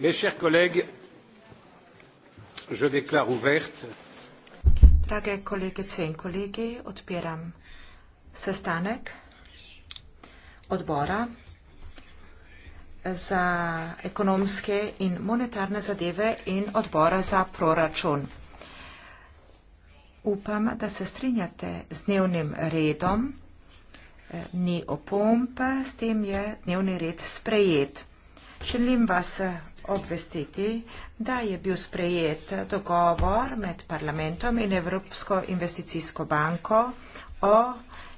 mes chers collègues je déclare ouverte Drage kolegice in kolegi, odpiram sestanek odbora za ekonomske in monetarne zadeve in odbora za proračun. Upam, da se strinjate z dnevnim redom, eh, ni opompe, s tem je dnevni red sprejet. Želim vas eh, obvestiti, da je bil sprejet dogovor med parlamentom in Evropsko investicijsko banko o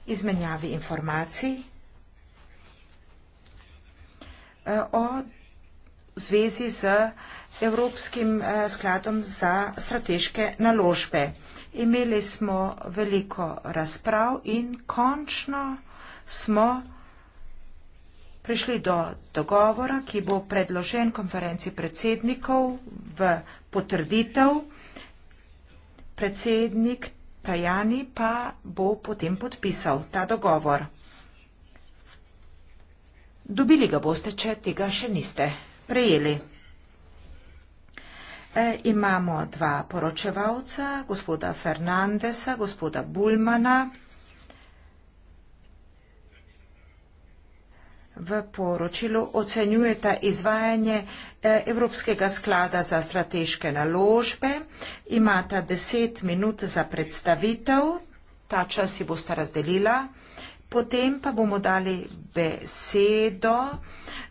izmenjavi informacij eh, o zvezi z Evropskim eh, skladom za strateške naložbe. Imeli smo veliko razprav in končno smo prišli do dogovora, ki bo predložen konferenci predsednikov v potrditev. Predsednik Tajani pa bo potem podpisal ta dogovor. Dobili ga boste, če tega še niste prejeli. E, imamo dva poročevalca, gospoda Fernandesa, gospoda Bulmana. v poročilu ocenjujete izvajanje eh, Evropskega sklada za strateške naložbe. Imate deset minut za predstavitev, ta čas si boste razdelila. Potem pa bomo dali besedo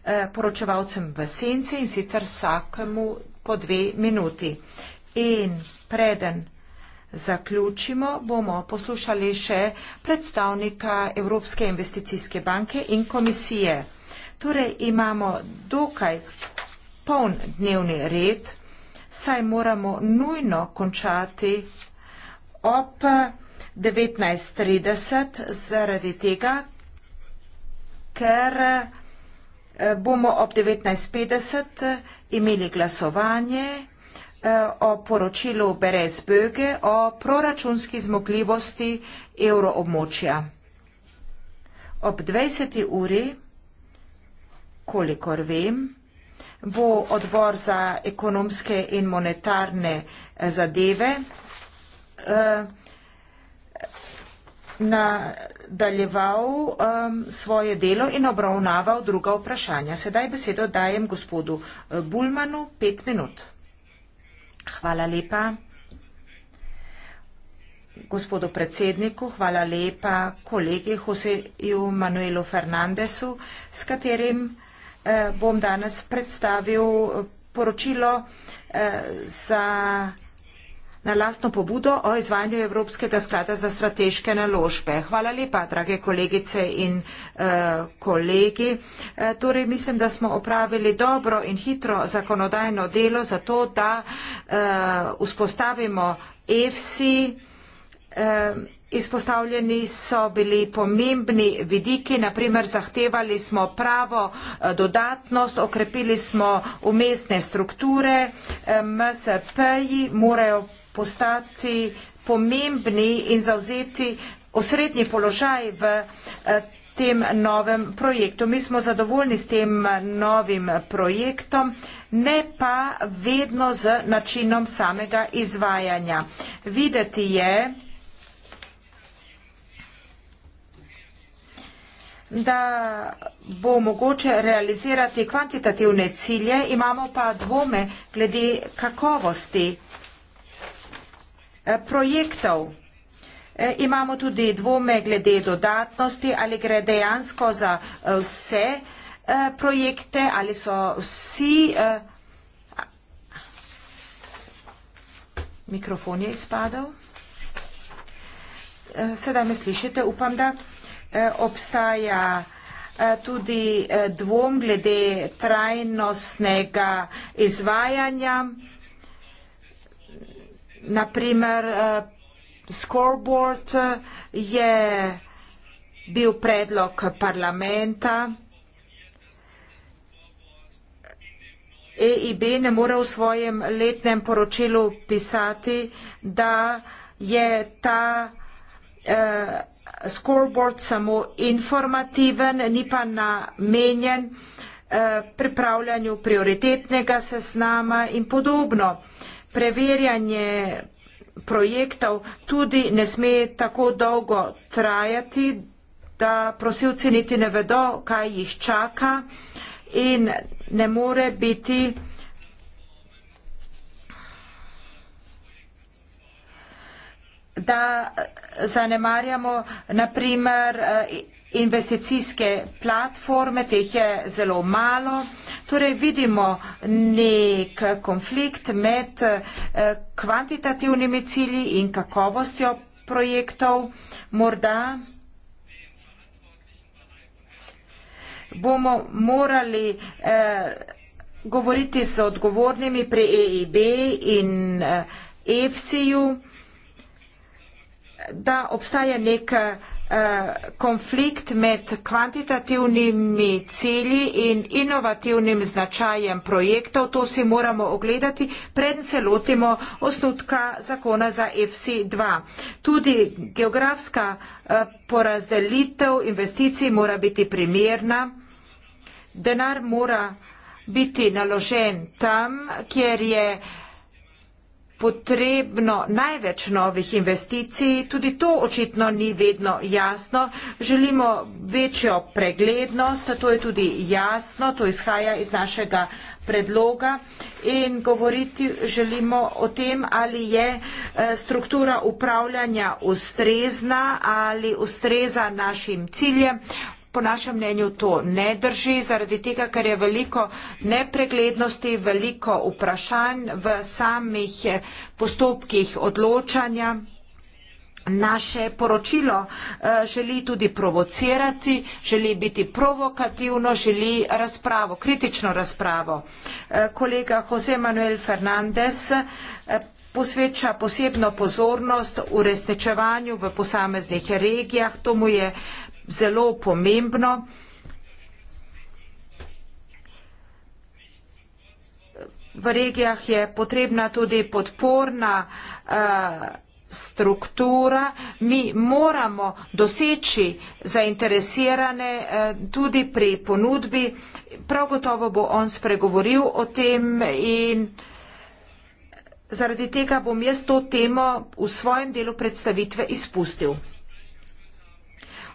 eh, poročevalcem v senci in sicer vsakemu po dve minuti. In preden Zaključimo bomo poslušali še predstavnika Evropske investicijske banke in komisije. Torej imamo dokaj poln dnevni red, saj moramo nujno končati ob 19.30 zaradi tega, ker eh, bomo ob 19.50 imeli glasovanje Eh, o poročilu Berez Böge o proračunski zmogljivosti evroobmočja. Ob 20. uri, kolikor vem, bo odbor za ekonomske in monetarne eh, zadeve eh, nadaljeval um, svoje delo in obravnaval druga vprašanja. Sedaj besedo dajem gospodu Bulmanu pet minut. Hvala lepa. Gospodu predsedniku, hvala lepa kolegi Joseju Manuelu Fernandesu, s katerim eh, bom danes predstavil eh, poročilo eh, za na lastno pobudo o izvajanju Evropskega sklada za strateške naložbe. Hvala lepa, drage kolegice in uh, kolegi. Uh, torej, mislim, da smo opravili dobro in hitro zakonodajno delo za to, da uh, eh, uspostavimo EFSI. Uh, Izpostavljeni so bili pomembni vidiki, naprimer zahtevali smo pravo dodatnost, okrepili smo umestne strukture, MSP-ji morajo postati pomembni in zavzeti osrednji položaj v eh, tem novem projektu. Mi smo zadovoljni s tem eh, novim projektom, ne pa vedno z načinom samega izvajanja. Videti je, da bo mogoče realizirati kvantitativne cilje, imamo pa dvome glede kakovosti Eh, projektov. Eh, imamo tudi dvome glede dodatnosti, ali gre dejansko za eh, vse projekte, ali so vsi. Mikrofon je izpadel. Sedaj me slišite, upam, da obstaja tudi dvom glede trajnostnega izvajanja naprimer eh, scoreboard eh, je bil predlog parlamenta, EIB ne more v svojem letnem poročilu pisati, da je ta eh, scoreboard samo informativen, ni pa namenjen eh, pripravljanju prioritetnega seznama in podobno. Eh, preverjanje projektov tudi ne sme tako dolgo trajati, da prosilci niti ne vedo, kaj jih čaka in ne more biti da zanemarjamo naprimer eh, investicijske platforme, teh je zelo malo. Torej vidimo nek konflikt med eh, kvantitativnimi cilji in kakovostjo projektov. Morda bomo morali eh, govoriti z odgovornimi pri EIB in EFSI-ju, eh, e da obstaja neka Eh, konflikt med kvantitativnimi cilji in inovativnim značajem projektov, to si moramo ogledati, preden se lotimo osnutka zakona za FC2. Tudi geografska eh, porazdelitev investicij mora biti primerna, denar mora biti naložen tam, kjer je potrebno največ novih investicij, tudi to očitno ni vedno jasno. Želimo večjo preglednost, to je tudi jasno, to izhaja iz našega predloga in govoriti želimo o tem, ali je eh, struktura upravljanja ustrezna ali ustreza našim ciljem, Po našem mnenju to ne drži, zaradi tega, ker je veliko nepreglednosti, veliko vprašanj v samih eh, postopkih odločanja. Naše poročilo eh, želi tudi provocirati, želi biti provokativno, želi razpravo, kritično razpravo. Eh, kolega Jose Manuel Fernandez posveča posebno pozornost v resničevanju v posameznih regijah. To mu je zelo pomembno. V regijah je potrebna tudi podporna uh, struktura. Mi moramo doseči zainteresirane uh, tudi pri ponudbi. Prav gotovo bo on spregovoril o tem in zaradi tega bom jaz to temo v svojem delu predstavitve izpustil.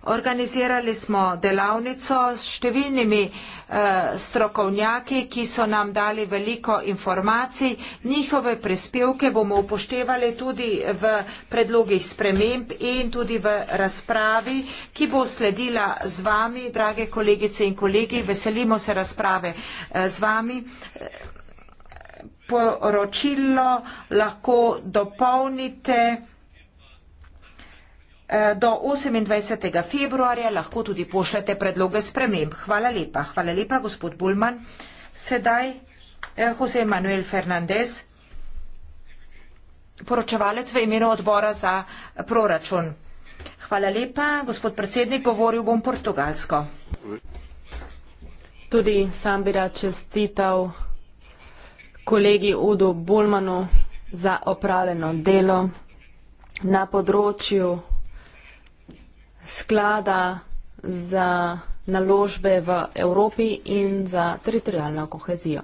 Organizirali smo delavnico s številnimi eh, strokovnjaki, ki so nam dali veliko informacij. Njihove prispevke bomo upoštevali tudi v predlogih sprememb in tudi v razpravi, ki bo sledila z vami, drage kolegice in kolegi. Veselimo se razprave eh, z vami. Eh, poročilo lahko dopolnite. Eh, do 28. februarja lahko tudi pošljete predloge sprememb. Hvala lepa. Hvala lepa, gospod Bulman. Sedaj eh, Jose Manuel Fernandez, poročevalec v imenu odbora za proračun. Hvala lepa, gospod predsednik, govoril bom portugalsko. Tudi sam bi rad čestital kolegi Udo Bulmanu za opravljeno delo na področju sklada za naložbe v Evropi in za teritorijalno kohezijo.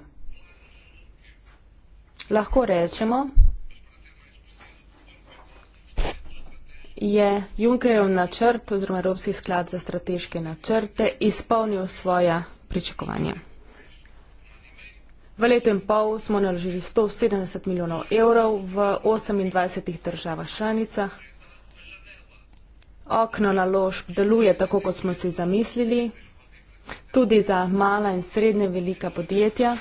Lahko rečemo, je Junckerjev načrt oziroma Evropski sklad za strateške načrte izpolnil svoja pričakovanja. V letu in pol smo naložili 170 milijonov evrov v 28 državah članicah Okno naložb deluje tako, kot smo si zamislili, tudi za mala in srednje velika podjetja.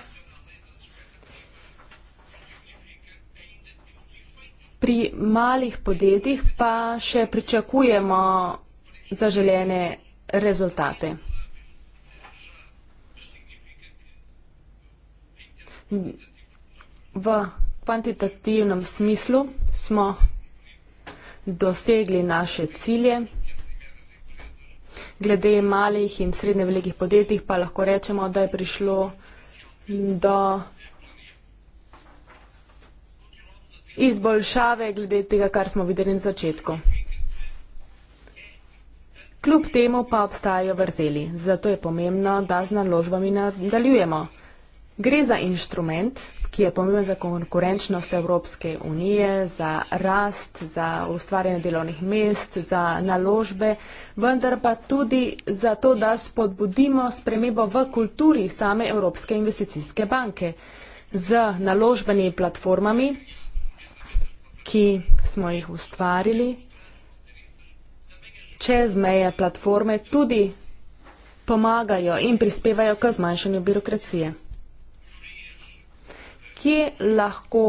Pri malih podjetjih pa še pričakujemo zaželjene rezultate. V kvantitativnem smislu smo dosegli naše cilje. Glede malih in srednje velikih podjetij pa lahko rečemo, da je prišlo do izboljšave glede tega, kar smo videli na začetku. Kljub temu pa obstajajo vrzeli, zato je pomembno, da z naložbami nadaljujemo. Gre za inštrument, ki je pomemben za konkurenčnost Evropske unije, za rast, za ustvarjanje delovnih mest, za naložbe, vendar pa tudi za to, da spodbudimo spremembo v kulturi same Evropske investicijske banke z naložbenimi platformami, ki smo jih ustvarili čez meje platforme tudi pomagajo in prispevajo k zmanjšanju birokracije kje lahko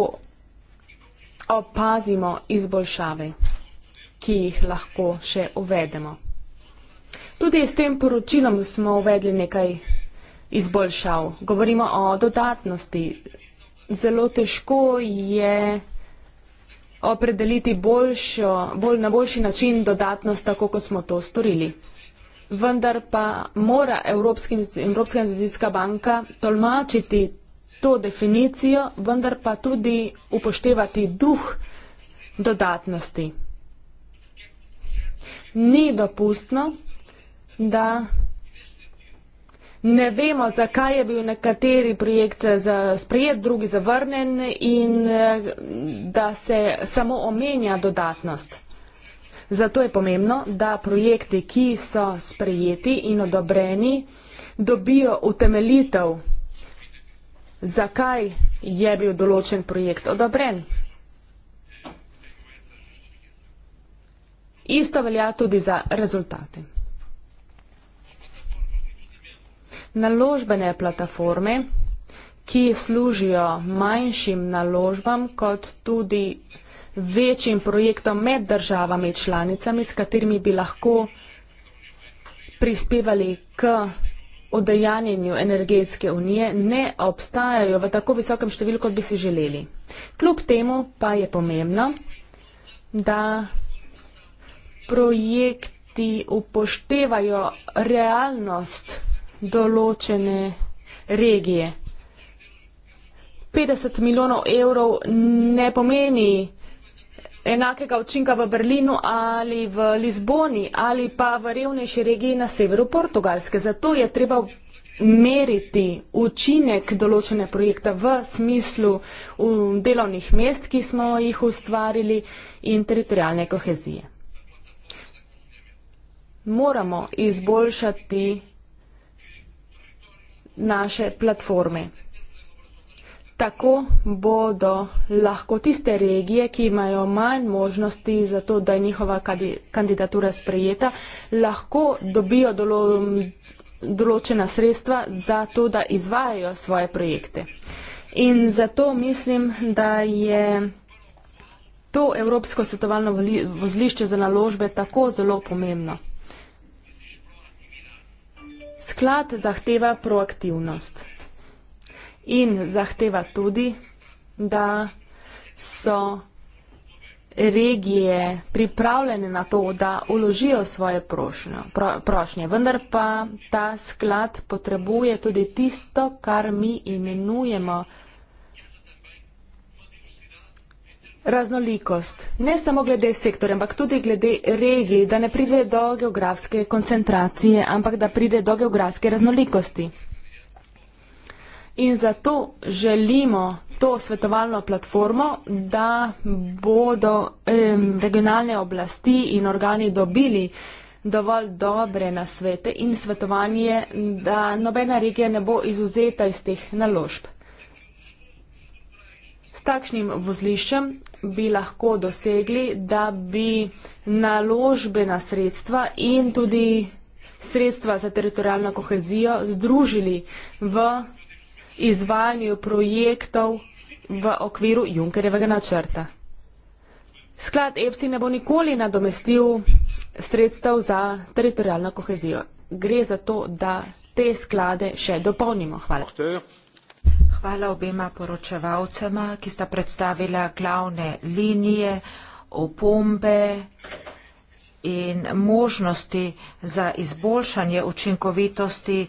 opazimo izboljšave, ki jih lahko še uvedemo. Tudi s tem poročilom smo uvedli nekaj izboljšav. Govorimo o dodatnosti. Zelo težko je opredeliti boljšo, bolj, na boljši način dodatnost, tako kot smo to storili. Vendar pa mora Evropska investicijska banka tolmačiti to definicijo, vendar pa tudi upoštevati duh dodatnosti. Ni dopustno, da ne vemo, zakaj je bil nekateri projekt sprejet, drugi zavrnen in eh, da se samo omenja dodatnost. Zato je pomembno, da projekti, ki so sprejeti in odobreni, dobijo utemelitev zakaj je bil določen projekt odobren. Isto velja tudi za rezultate. Naložbene platforme, ki služijo manjšim naložbam kot tudi večjim projektom med državami članicami, s katerimi bi lahko prispevali k o dejanjenju energetske unije ne obstajajo v tako visokem številu, kot bi si želeli. Kljub temu pa je pomembno, da projekti upoštevajo realnost določene regije. 50 milijonov evrov ne pomeni enakega učinka v Berlinu ali v Lizboni ali pa v revnejši regiji na severu Portugalske. Zato je treba meriti učinek določene projekta v smislu delovnih mest, ki smo jih ustvarili in teritorijalne kohezije. Moramo izboljšati naše platforme. Tako bodo lahko tiste regije, ki imajo manj možnosti za to, da je njihova kandidatura sprejeta, lahko dobijo dolo, določena sredstva za to, da izvajajo svoje projekte. In zato mislim, da je to Evropsko svetovalno vozlišče za naložbe tako zelo pomembno. Sklad zahteva proaktivnost in zahteva tudi, da so regije pripravljene na to, da uložijo svoje prošnjo, pro, prošnje. Vendar pa ta sklad potrebuje tudi tisto, kar mi imenujemo raznolikost. Ne samo glede sektorja, ampak tudi glede regije, da ne pride do geografske koncentracije, ampak da pride do geografske raznolikosti in zato želimo to svetovalno platformo, da bodo um, regionalne oblasti in organi dobili dovolj dobre nasvete in svetovanje, da nobena regija ne bo izuzeta iz teh naložb. S takšnim vozliščem bi lahko dosegli, da bi naložbena sredstva in tudi sredstva za teritorijalno kohezijo združili v izvajanju projektov v okviru Junkerjevega načrta. Sklad EPSI ne bo nikoli nadomestil sredstev za teritorijalno kohezijo. Gre za to, da te sklade še dopolnimo. Hvala. Hvala obema poročevalcema, ki sta predstavila glavne linije, opombe in možnosti za izboljšanje učinkovitosti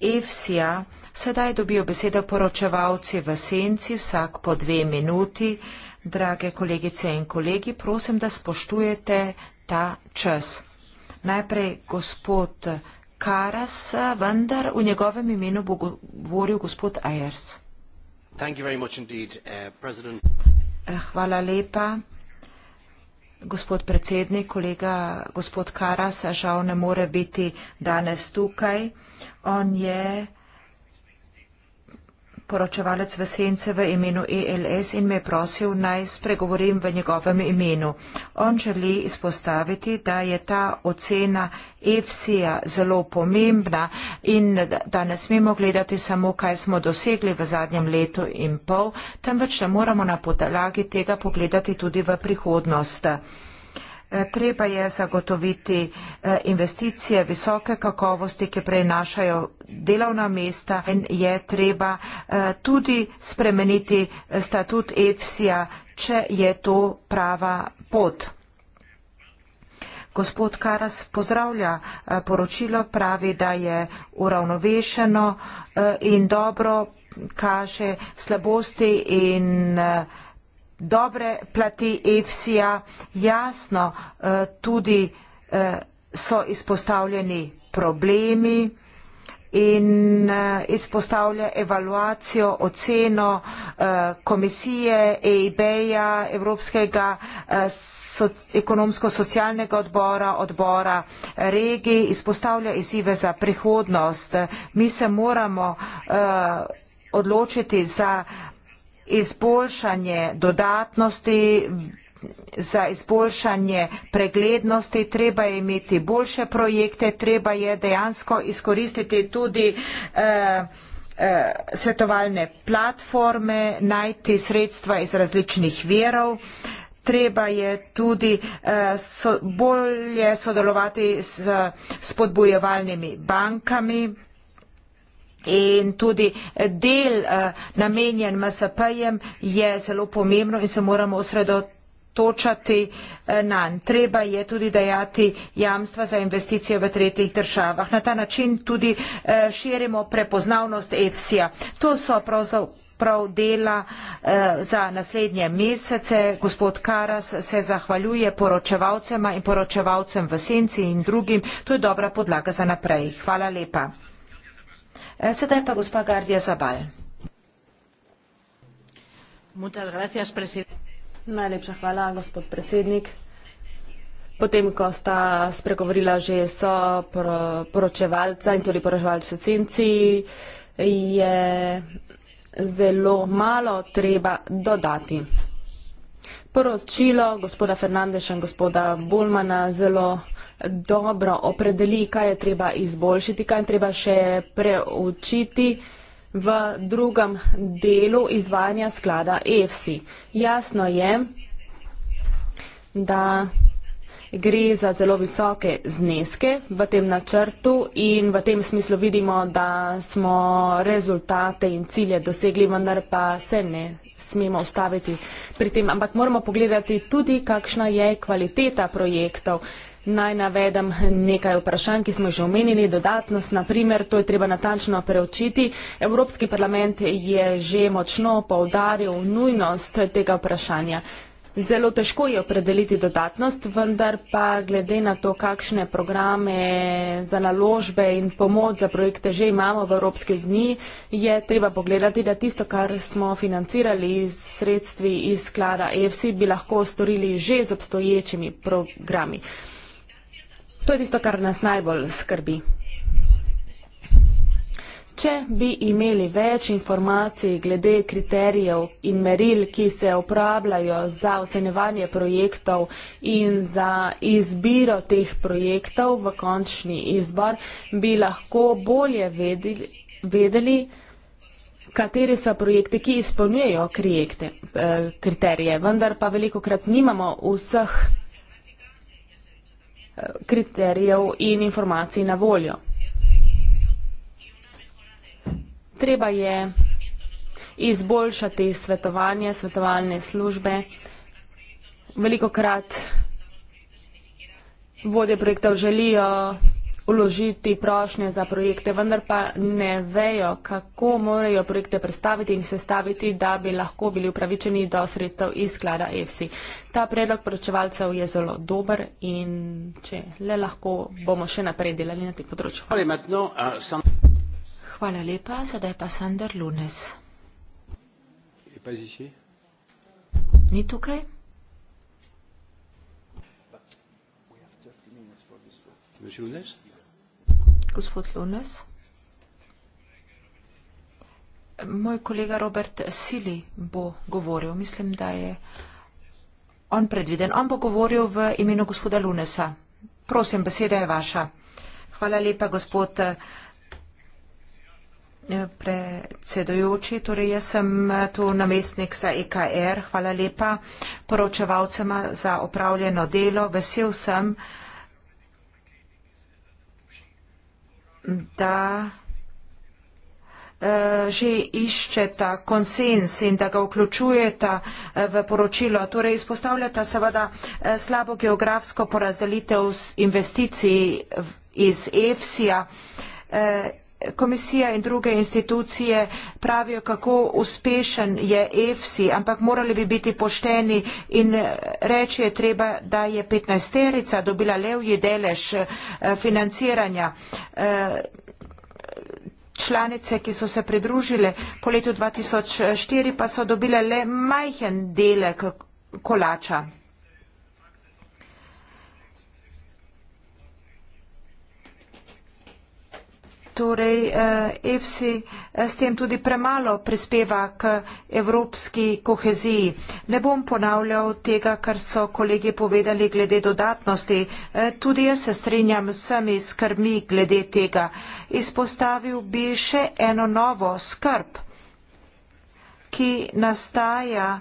EFSI-ja. Sedaj dobijo besedo poročevalci v senci vsak po dve minuti. Drage kolegice in kolegi, prosim, da spoštujete ta čas. Najprej gospod Karas, vendar v njegovem imenu bo govoril gospod Ayers. Indeed, uh, eh, Hvala lepa. Gospod predsednik, kolega gospod Karas žal ne more biti danes tukaj. On je poročevalec Vesence v imenu ELS in me prosil naj spregovorim v njegovem imenu. On želi izpostaviti, da je ta ocena EFSI-ja zelo pomembna in da ne smemo gledati samo, kaj smo dosegli v zadnjem letu in pol, temveč da moramo na podlagi tega pogledati tudi v prihodnost treba je zagotoviti eh, investicije visoke kakovosti, ki prenašajo delovna mesta in je treba eh, tudi spremeniti statut EFSI-ja, če je to prava pot. Gospod Karas pozdravlja eh, poročilo, pravi, da je uravnovešeno in dobro kaže slabosti in dobre plati EFSI-ja jasno eh, tudi eh, so izpostavljeni problemi in eh, izpostavlja evaluacijo, oceno komisije EIB-ja, Evropskega ekonomsko-socialnega odbora, odbora regij, izpostavlja izzive za prihodnost. Mi se moramo odločiti za izboljšanje dodatnosti, za izboljšanje preglednosti, treba je imeti boljše projekte, treba je dejansko izkoristiti tudi eh, eh svetovalne platforme, najti sredstva iz različnih verov. Treba je tudi eh, so, bolje sodelovati s spodbojevalnimi bankami. In tudi eh, del eh, namenjen MSP-jem je zelo pomembno in se moramo osredotočati eh, na nj. Treba je tudi dajati jamstva za investicije v tretjih državah. Na ta način tudi širimo prepoznavnost EFSI-ja. To so pravzaprav prav dela eh, za naslednje mesece. Gospod Karas se zahvaljuje poročevalcema in poročevalcem v senci in drugim. To je dobra podlaga za naprej. Hvala lepa. Eh, sedaj pa gospa Gardija Zabal. Najlepša hvala, gospod predsednik. Potem, ko sta spregovorila že so poročevalca in tudi poročevalce cenci, je zelo malo treba dodati poročilo gospoda Fernandeša in gospoda Bulmana zelo dobro opredeli, kaj je treba izboljšiti, kaj je treba še preučiti v drugem delu izvajanja sklada EFSI. Jasno je, da gre za zelo visoke zneske v tem načrtu in v tem smislu vidimo, da smo rezultate in cilje dosegli, vendar pa se ne smemo ustaviti pri tem, ampak moramo pogledati tudi, kakšna je kvaliteta projektov. Naj navedem nekaj vprašanj, ki smo že omenili, dodatnost, naprimer, to je treba natančno preučiti. Evropski parlament je že močno poudaril nujnost tega vprašanja. Zelo težko je opredeliti dodatnost, vendar pa glede na to, kakšne programe za naložbe in pomoč za projekte že imamo v Evropski uniji, je treba pogledati, da tisto, kar smo financirali iz sredstvi iz sklada EFSI, bi lahko storili že z obstoječimi programi. To je tisto, kar nas najbolj skrbi. Če bi imeli več informacij glede kriterijev in meril, ki se uporabljajo za ocenjevanje projektov in za izbiro teh projektov v končni izbor, bi lahko bolje vedeli, vedeli kateri so projekti, ki izpolnjujejo krijekte, eh, kriterije. Vendar pa veliko krat nimamo vseh eh, kriterijev in informacij na voljo. Treba je izboljšati svetovanje, svetovalne službe. Veliko krat vode projektov želijo uložiti prošnje za projekte, vendar pa ne vejo, kako morajo projekte predstaviti in sestaviti, da bi lahko bili upravičeni do sredstev iz sklada EFSI. Ta predlog poročevalcev je zelo dober in če le lahko, bomo še naprej delali na tem področju. Hvala. Hvala lepa. Sedaj pa Sander Lunes. Je pa ziči? Ni tukaj? Gospod Lunes? Moj kolega Robert Sili bo govoril. Mislim, da je on predviden. On bo govoril v imenu gospoda Lunesa. Prosim, beseda je vaša. Hvala lepa, gospod Lunes predsedujoči. Torej, jaz sem eh, tu namestnik za EKR. Hvala lepa poročevalcema za opravljeno delo. Vesel sem, da eh, že iščeta konsens in da ga vključujeta eh, v poročilo. Torej izpostavljata seveda slabo geografsko porazdelitev investicij iz EFSI-ja komisija in druge institucije pravijo, kako uspešen je EFSI, ampak morali bi biti pošteni in reči je treba, da je 15-terica dobila levji delež eh, financiranja eh, članice, ki so se pridružile po letu 2004, pa so dobile le majhen delek kolača. torej eh, EFSI eh, s tem tudi premalo prispeva k evropski koheziji. Ne bom ponavljal tega, kar so kolegi povedali glede dodatnosti. Eh, tudi jaz se strinjam s vsemi skrbmi glede tega. Izpostavil bi še eno novo skrb, ki nastaja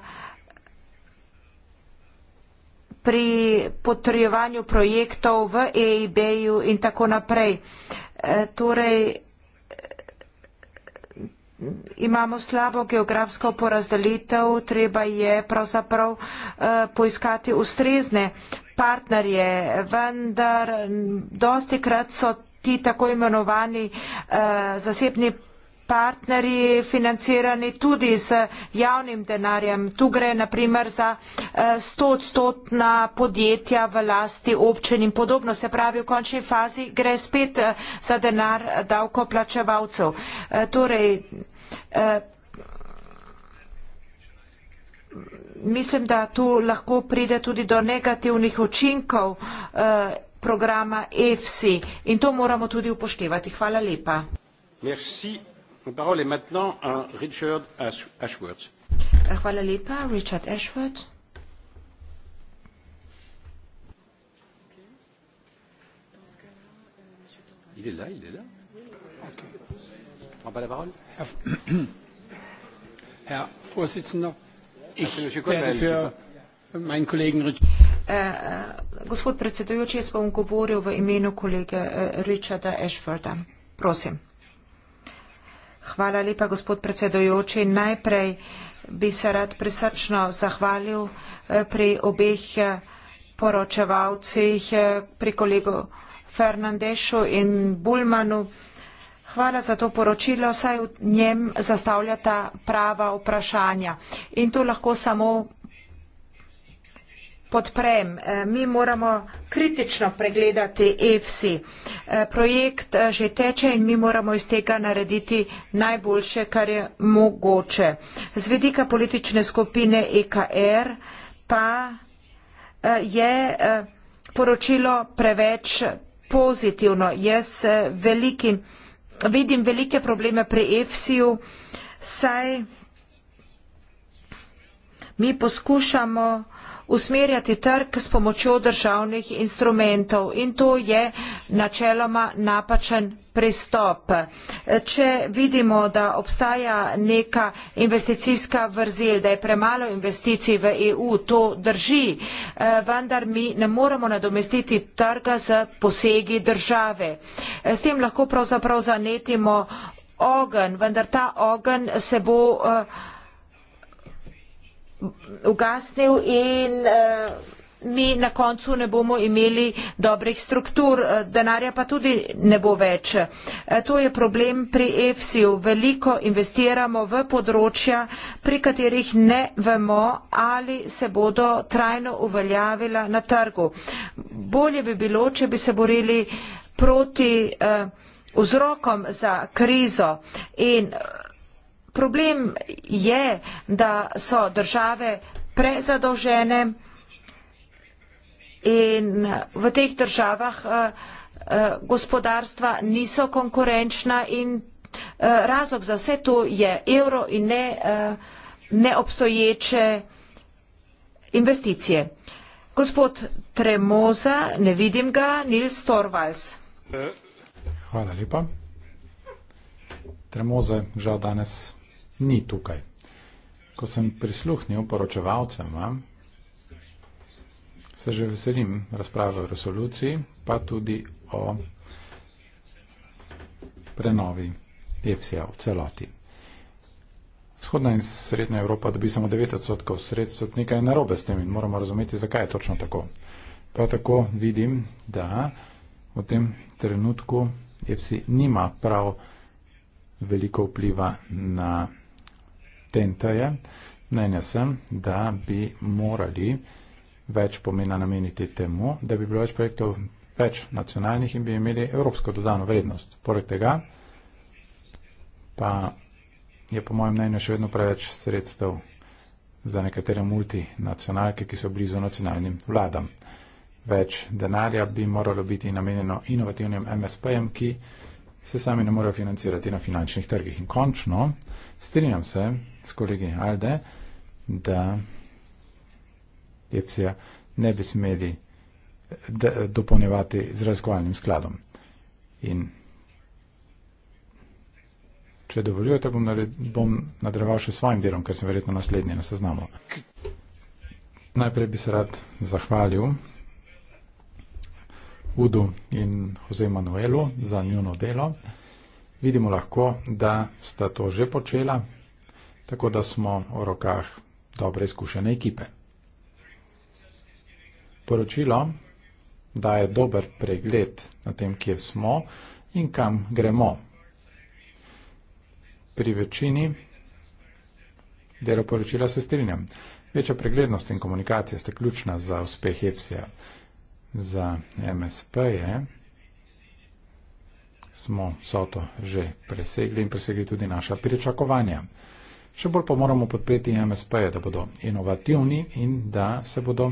pri potrjevanju projektov v EIB-ju in tako naprej. E, torej imamo slabo geografsko porazdelitev, treba je pravzaprav e, poiskati ustrezne partnerje, vendar dosti krat so ti tako imenovani e, zasebni partnerji, partnerji financirani tudi z javnim denarjem. Tu gre naprimer za eh, stotstotna podjetja v lasti občin in podobno. Se pravi, v končni fazi gre spet eh, za denar eh, davkoplačevalcev. Torej, mislim, da tu lahko pride tudi do negativnih učinkov programa EFSI in to moramo tudi upoštevati. Hvala lepa. Merci. Richard Ashworth. Euh, hvala lepa. Richard Ashworth. Il est là, il est là. Okay. Herr, Herr Vorsitzender, ah, ich werde für meinen Kollegen Richard. Äh, äh, gospod predsedujoči, jaz bom govoril v imenu kolege äh, Richarda Ashforda. Prosim. Hvala lepa, gospod predsedojoči. Najprej bi se rad prisrčno zahvalil eh, pri obeh eh, poročevalcih, eh, pri kolegu Fernandešu in Bulmanu. Hvala za to poročilo, saj v njem zastavljata prava vprašanja. In to lahko samo podprem. E, mi moramo kritično pregledati EFSI. E, projekt e, že teče in mi moramo iz tega narediti najboljše, kar je mogoče. Z vedika politične skupine EKR pa je poročilo preveč pozitivno. Jaz veliki, vidim velike probleme pri EFSI-ju, saj mi poskušamo usmerjati trg s pomočjo državnih instrumentov in to je načeloma napačen pristop. Če vidimo, da obstaja neka investicijska vrzel, da je premalo investicij v EU, to drži, eh, vendar mi ne moremo nadomestiti trga z posegi države. Eh, s tem lahko pravzaprav zanetimo ogen, vendar ta ogen se bo uh, ugasnil in eh, mi na koncu ne bomo imeli dobrih struktur, eh, denarja pa tudi ne bo več. Eh, to je problem pri EFSI-ju. Veliko investiramo v področja, pri katerih ne vemo, ali se bodo trajno uveljavila na trgu. Bolje bi bilo, če bi se borili proti vzrokom za krizo in Problem je, da so države prezadolžene in v teh državah eh, eh, gospodarstva niso konkurenčna in eh, razlog za vse to je evro in ne neobstoječe investicije. Gospod Tremoza, ne vidim ga, Nils Torvalds. Hvala lepa. Tremoze žal danes ni tukaj. Ko sem prisluhnil poročevalcem, se že veselim razprave o resoluciji, pa tudi o prenovi EFSI-ja v celoti. Vzhodna in srednja Evropa dobi samo 9 odstotkov sredstv, nekaj je narobe s tem in moramo razumeti, zakaj je točno tako. Prav tako vidim, da v tem trenutku EFSI nima prav veliko vpliva na Tenta je, mnenja sem, da bi morali več pomena nameniti temu, da bi bilo več projektov več nacionalnih in bi imeli evropsko dodano vrednost. Poleg tega pa je po mojem mnenju še vedno preveč sredstev za nekatere multinacionalke, ki so blizu nacionalnim vladam. Več denarja bi moralo biti namenjeno inovativnim MSP-jem, ki se sami ne morejo financirati na finančnih trgih. In končno, strinjam se s kolegi Alde, da epsija ne bi smeli dopolnjevati z raziskovalnim skladom. In če dovoljujete, bom, bom nadreval še svojim delom, ker sem verjetno naslednji na seznamu. Najprej bi se rad zahvalil Udu in Jose Manuelu za njuno delo. Vidimo lahko, da sta to že počela, tako da smo v rokah dobre izkušene ekipe. Poročilo daje dober pregled na tem, kje smo in kam gremo. Pri večini delo poročila se strinjam. Večja preglednost in komunikacija sta ključna za uspeh EFSI-ja. Za MSP je smo soto že presegli in presegli tudi naša pričakovanja. Še bolj pa moramo podpreti MSP-je, da bodo inovativni in da se bodo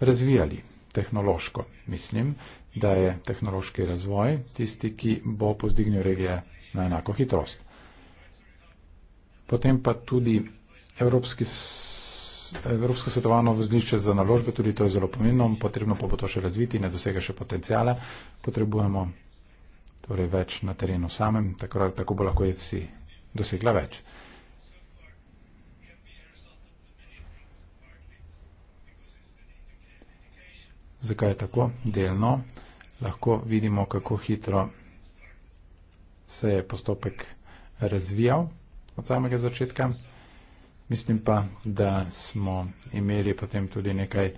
razvijali tehnološko. Mislim, da je tehnološki razvoj tisti, ki bo pozdignil regije na enako hitrost. Potem pa tudi Evropski, Evropsko svetovano vzdišče za naložbe, tudi to je zelo pomembno, potrebno pa bo to še razviti, ne dosega še potencijala, potrebujemo torej več na terenu samem, tako, tako bo lahko EFSI dosegla več. Zakaj je tako? Delno lahko vidimo, kako hitro se je postopek razvijal od samega začetka. Mislim pa, da smo imeli potem tudi nekaj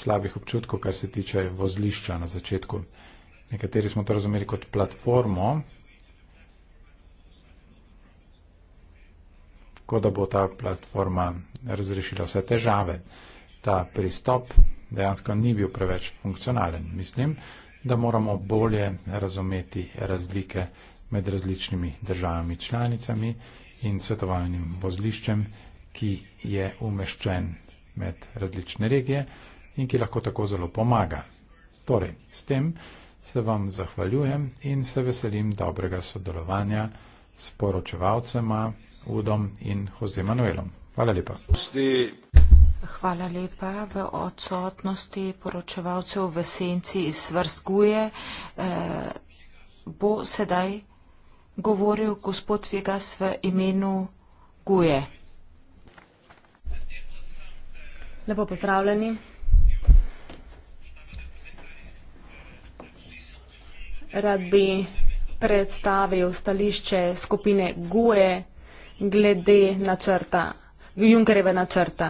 slabih občutkov, kar se tiče vozlišča na začetku. Nekateri smo to razumeli kot platformo, tako da bo ta platforma razrešila vse težave. Ta pristop dejansko ni bil preveč funkcionalen. Mislim, da moramo bolje razumeti razlike med različnimi državami članicami in svetovalnim vozliščem, ki je umeščen med različne regije in ki lahko tako zelo pomaga. Torej, s tem, da se vam zahvaljujem in se veselim dobrega sodelovanja s poročevalcema Udom in Jose Manuelom. Hvala lepa. Hvala lepa. V odsotnosti poročevalcev v senci iz Svrskuje eh, bo sedaj govoril gospod Vigas v imenu Guje. Lepo pozdravljeni. rad bi predstavil stališče skupine GUE glede načrta, Junkereve načrta.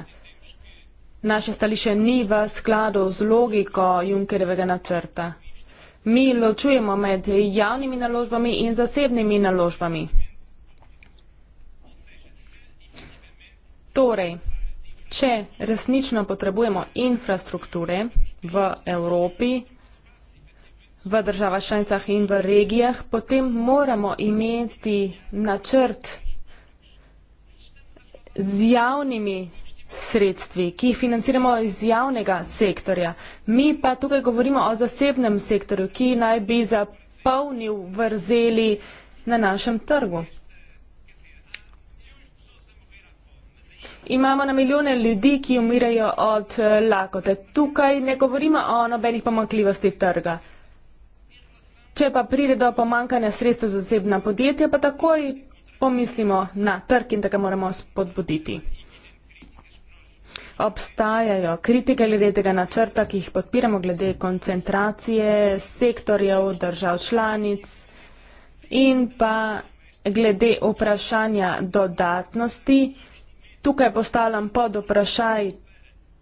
Naše stališče ni v skladu z logiko Junkerevega načrta. Mi ločujemo med javnimi naložbami in zasebnimi naložbami. Torej, če resnično potrebujemo infrastrukture v Evropi, v državah članicah in v regijah, potem moramo imeti načrt z javnimi sredstvi, ki jih financiramo iz javnega sektorja. Mi pa tukaj govorimo o zasebnem sektorju, ki naj bi zapolnil vrzeli na našem trgu. Imamo na milijone ljudi, ki umirajo od lakote. Tukaj ne govorimo o nobenih pomakljivosti trga. Če pa pride do pomankanja sredstev za zasebna podjetja, pa takoj pomislimo na trg in da ga moramo spodbuditi. Obstajajo kritike glede tega načrta, ki jih podpiramo glede koncentracije sektorjev držav članic in pa glede vprašanja dodatnosti. Tukaj postavljam pod vprašaj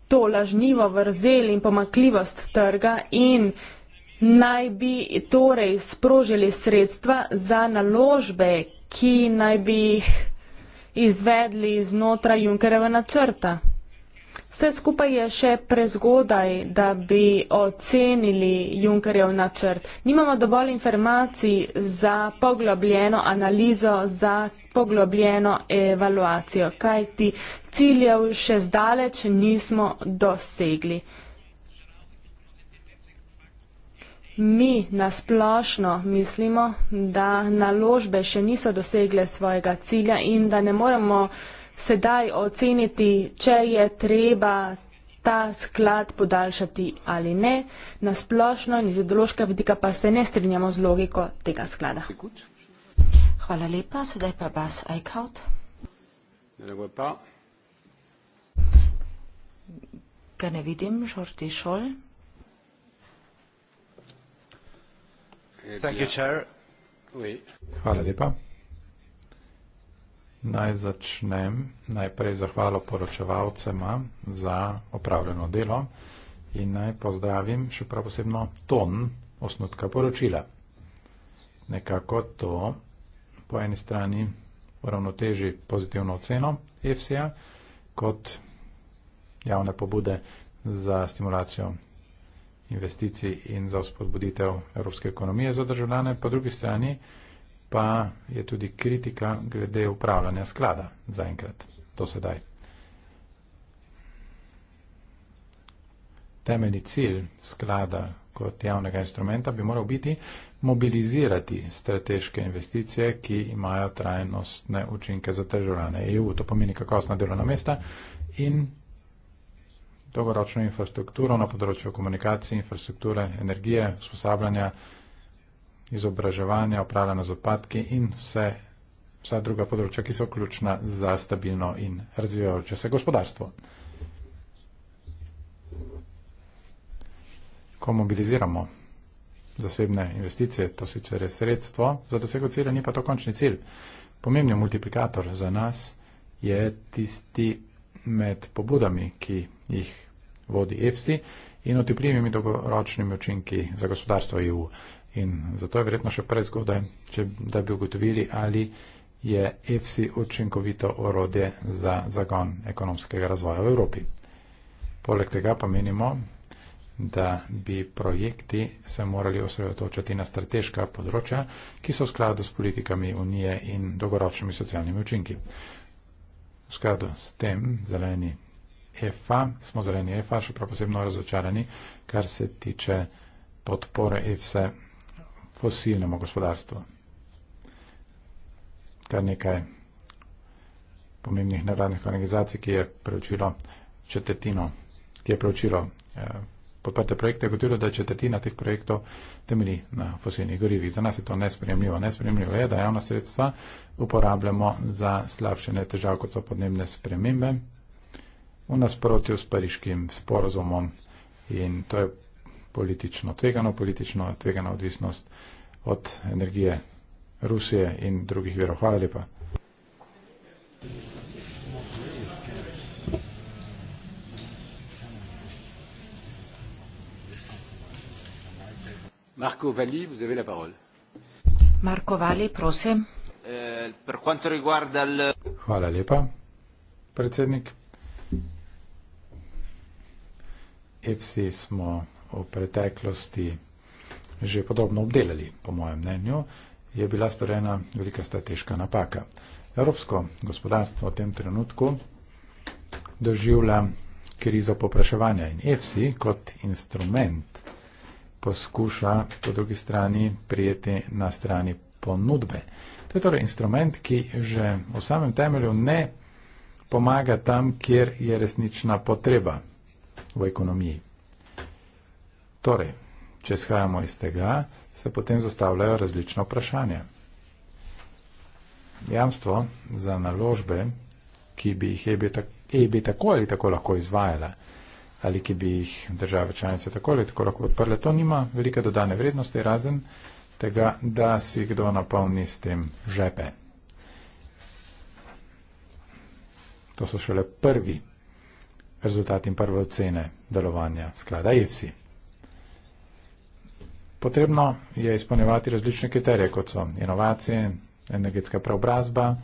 to lažnivo vrzel in pomakljivost trga in naj bi torej sprožili sredstva za naložbe, ki naj bi jih izvedli znotraj Junkereva načrta. Vse skupaj je še prezgodaj, da bi ocenili Junkerjev načrt. Nimamo dovolj informacij za poglobljeno analizo, za poglobljeno evaluacijo, kajti ciljev še zdaleč nismo dosegli. Mi nasplošno mislimo, da naložbe še niso dosegle svojega cilja in da ne moremo sedaj oceniti, če je treba ta sklad podaljšati ali ne. Nasplošno in iz ideološkega vidika pa se ne strinjamo z logiko tega sklada. Hvala lepa. Sedaj pa vas, Eichhout. Ga ne vidim, Žorti Šol. Eh, Hvala lepa. Naj začnem najprej zahvalo poročevalcema za opravljeno delo in naj pozdravim še prav posebno ton osnutka poročila. Nekako to po eni strani uravnoteži pozitivno oceno EFSI-ja kot javne pobude za stimulacijo investicij in za spodbuditev evropske ekonomije za državljane, po drugi strani pa je tudi kritika glede upravljanja sklada zaenkrat, do sedaj. Temeljni cilj sklada kot javnega instrumenta bi moral biti mobilizirati strateške investicije, ki imajo trajnostne učinke za državljane EU. To pomeni kakovostna delovna mesta in dolgoročno infrastrukturo na področju komunikacij, infrastrukture, energije, usposabljanja, izobraževanja, upravljanja z odpadki in vse, vsa druga področja, ki so ključna za stabilno in razvijajoče se gospodarstvo. Ko mobiliziramo zasebne investicije, to sicer je sredstvo za dosego cilja, ni pa to končni cilj. Pomembni multiplikator za nas je tisti med pobudami, ki jih vodi EFSI in otipljivimi dolgoročnimi učinki za gospodarstvo EU. In zato je verjetno še prezgodaj, da bi ugotovili, ali je EFSI učinkovito orodje za zagon ekonomskega razvoja v Evropi. Poleg tega pa menimo, da bi projekti se morali osredotočati na strateška področja, ki so v skladu s politikami Unije in dolgoročnimi socialnimi učinki v skladu s tem zeleni EFA, smo zeleni EFA še prav posebno razočarani, kar se tiče podpore EFSE e fosilnemu gospodarstvu. Kar nekaj pomembnih nevladnih organizacij, ki je preučilo četetino, ki je preučilo eh, podprte projekte, je gotovilo, da četrtina teh projektov temelji na fosilnih gorivih. Za nas je to nespremljivo. Nespremljivo je, da javna sredstva uporabljamo za slabšene težav, kot so podnebne spremembe, v nasprotju s pariškim sporozumom in to je politično tvegano, politično tvegana odvisnost od energije Rusije in drugih virov. Hvala lepa. Thank you. Marco Valli, vous avez la parole. Marco Valli, prosim. Eh, Hvala lepa, predsednik. EFSI smo v preteklosti že podobno obdelali, po mojem mnenju, je bila storjena velika strateška napaka. Evropsko gospodarstvo v tem trenutku doživlja krizo popraševanja in EFSI kot instrument poskuša po drugi strani prijeti na strani ponudbe. To je torej instrument, ki že v samem temelju ne pomaga tam, kjer je resnična potreba v ekonomiji. Torej, če shajamo iz tega, se potem zastavljajo različne vprašanja. Jamstvo za naložbe, ki bi jih EB e tako ali tako lahko izvajala, ali ki bi jih države članice tako ali tako lahko odprle. To nima velike dodane vrednosti, razen tega, da si kdo napolni s tem žepe. To so šele prvi rezultati in prve ocene delovanja sklada IFSI. Potrebno je izpolnjevati različne kriterije, kot so inovacije, energetska preobrazba